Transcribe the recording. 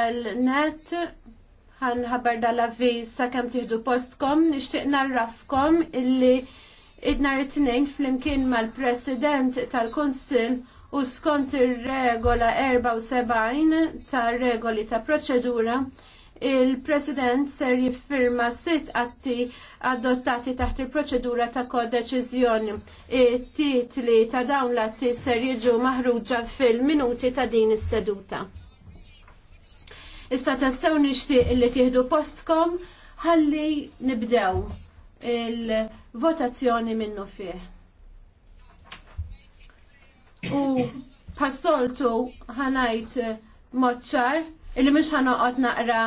l-net ħanħabar dal-avviz sa' kem tiħdu postkom, nishtiq narrafkom illi idna nar it-tnejn fl-imkien mal-president tal-konsil u skont ir-regola 74 ta' regoli ta' proċedura, il-president ser jiffirma sit atti adottati taħt il-proċedura ta' kodeċizjoni. il titli ta' dawn l-atti ser jiġu maħruġa fil-minuti ta' din is-seduta. Issa tassew nixtieq li tieħdu postkom ħalli nibdew il-votazzjoni minnu fih. U passoltu ħanajt moċċar illi mhux ħanoqgħod naqra